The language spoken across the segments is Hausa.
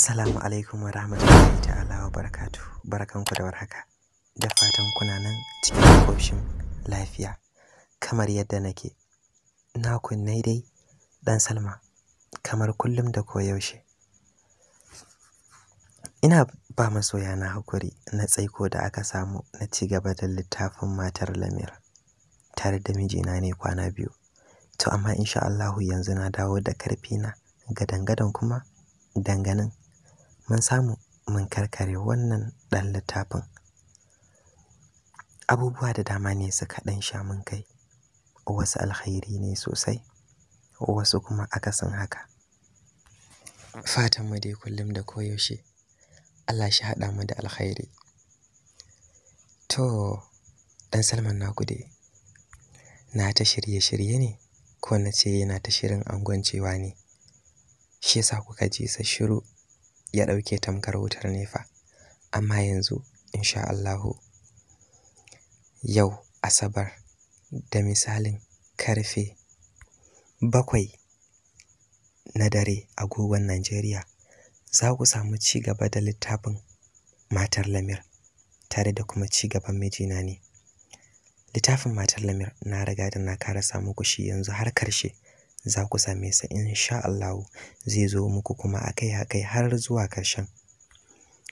Assalamu alaikum wa rahmatullahi ta'ala wa barakatu. ku da warhaka. Da fatan kuna nan cikin koshin lafiya kamar yadda nake. Na kunne dai dan Salma kamar kullum da koyaushe. Ina ba masoya na hakuri na tsaiko da aka samu na ci gaba da littafin matar Lamir tare da mijina ne kwana biyu. To amma insha Allahu yanzu na dawo da karfi na gadan-gadan kuma danganin mun samu mun karkare wannan ɗan littafin abubuwa da dama ne suka ɗan sha mun kai wasu alkhairi ne sosai wasu kuma akasin haka fatanmu dai kullum da koyaushe Allah shi haɗa mu da alkhairi to ɗan salman naku dai na ta shirye-shirye ne ko na ce yana ta shirin cewa ne shi yasa kuka ji sa shiru ya ɗauke tamkar wutar nefa amma yanzu insha Allahu yau asabar da misalin karfe bakwai na dare agogon Najeriya za ku samu ci gaba da littafin matar Lamir tare da kuma ci gaban mijina ne littafin matar Lamir na riga da na kara samu shi yanzu har karshe za ku same sa insha Allahu zai zo muku kuma akai-akai har zuwa ƙarshen.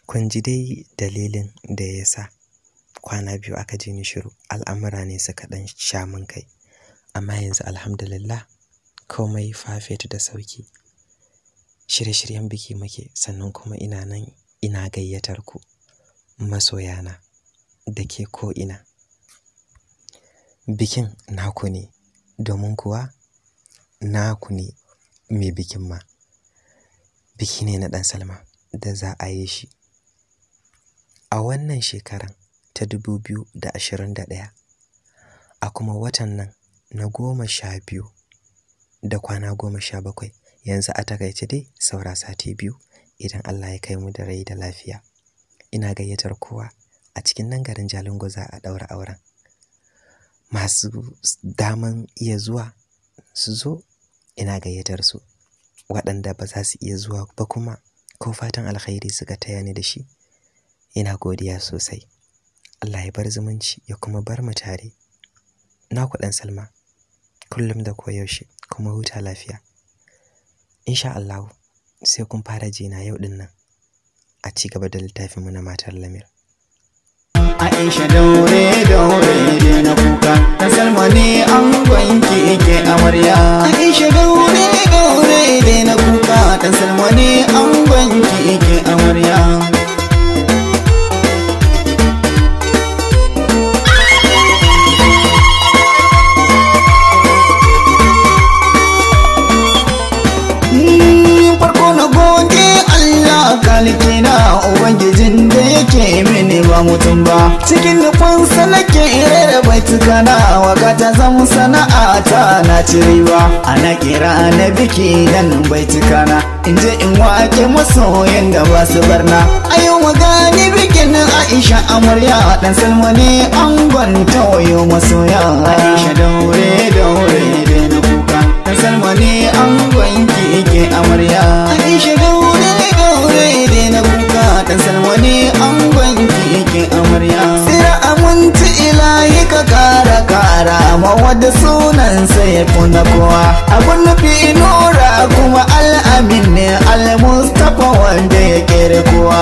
Kun ji dai dalilin da ya sa kwana biyu aka ji ni shiru al'amura ne suka ɗan sha mun kai. Amma yanzu alhamdulillah komai fafet da sauki. Shirye-shiryen biki muke sannan kuma ina nan ina gayyatar ku masoyana da ke ina. Bikin naku ne domin kuwa naku ne mai bikin ma biki ne na ɗan salma da za a yi shi a wannan shekaran ta 2021 a kuma watan nan na goma sha biyu da kwana goma sha bakwai yanzu a takaice dai saura sati biyu idan Allah ya kai mu da rai da lafiya ina gayyatar kowa a cikin nan garin Jalingo za a daura auren masu daman iya zuwa su zo ina gayyatar su waɗanda ba za su iya zuwa ba kuma ko fatan alkhairi suka taya ni da shi ina godiya sosai Allah ya bar zumunci ya kuma bar mu tare na ku dan Salma kullum da koyaushe kuma huta lafiya insha Allah sai kun fara jina yau din nan a ci gaba da littafin mu na matar Lamir Aisha daure daure na kuka Salma ne an gwanki ke amarya Aisha aure na kuka ta salmani an gwanki ke amarya ba mutum ba cikin nufinsa nake ire da baituka na ta zan sana'a ta na ci riba ana kira na biki dan baituka na in je in wake masoyan da ba su barna a yau magani bikin aisha amarya dan salma an gwanta wayo ya aisha daure daure da na kuka dan salma an gwanki ke amarya aisha daure mawad sunansa ya kuna kowa abun nufi nura kuma al'amin ne al-mustapha wanda ya kere kowa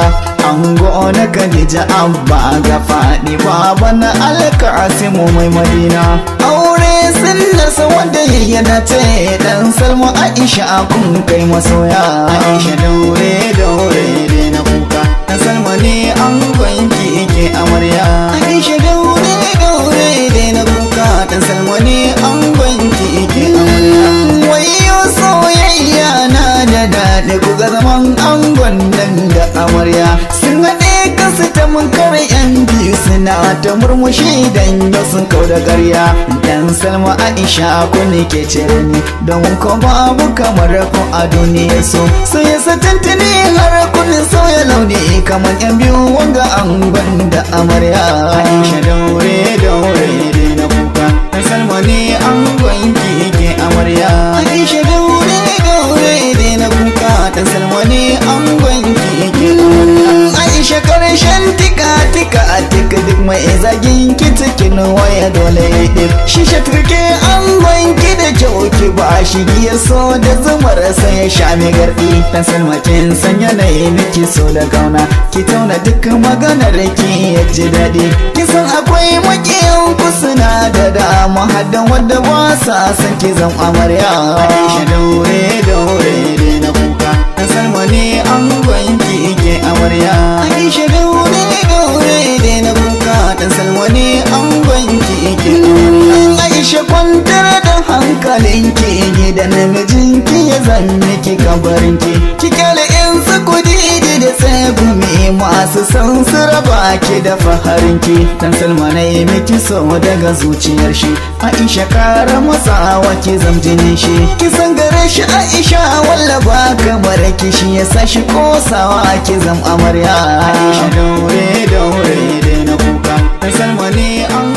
an gona kadija abba ga faɗi baban alkasimu mai madina aure sun nasa wanda yayyana ce dan salmu aisha kun kai masoya aisha daure daure na kuka dan Salma ne an kwanki ke amarya aisha na ta murmushi dan yau sun kau da garya dan salma aisha ku ne ke cire ni don ko babu kamar ku a duniya so sun yi satantini har kullum sauya launi kamar yan biyu wanga an da amarya aisha daure daure na kuka salma ne an gwanki ke amarya mai zagin ki cikin waya dole shi shatirke an ki da kyau ki ba shi ya so da zumar sai ya sha mai gardi dan salmacin san yanayi miki so da kauna ki tauna duk maganar ki ya ji daɗi ki san akwai makiyan kusuna suna da dama haddan wadda ba sa san ki zan amarya Aisha daure daure na kuka dan salmani an ki ke amarya Aisha daure halinki gidan ki ya zan miki kabarin ki Ki kale in su didi da tsegumi masu san su raba ki da ki dan salma na yi miki so daga zuciyar shi aisha kara masa wace zamjinin shi ki san gare shi aisha wallafa kamar ki shi ya sa shi kosawa ki zam amarya aisha daure daure dai na kuka dan salma ne an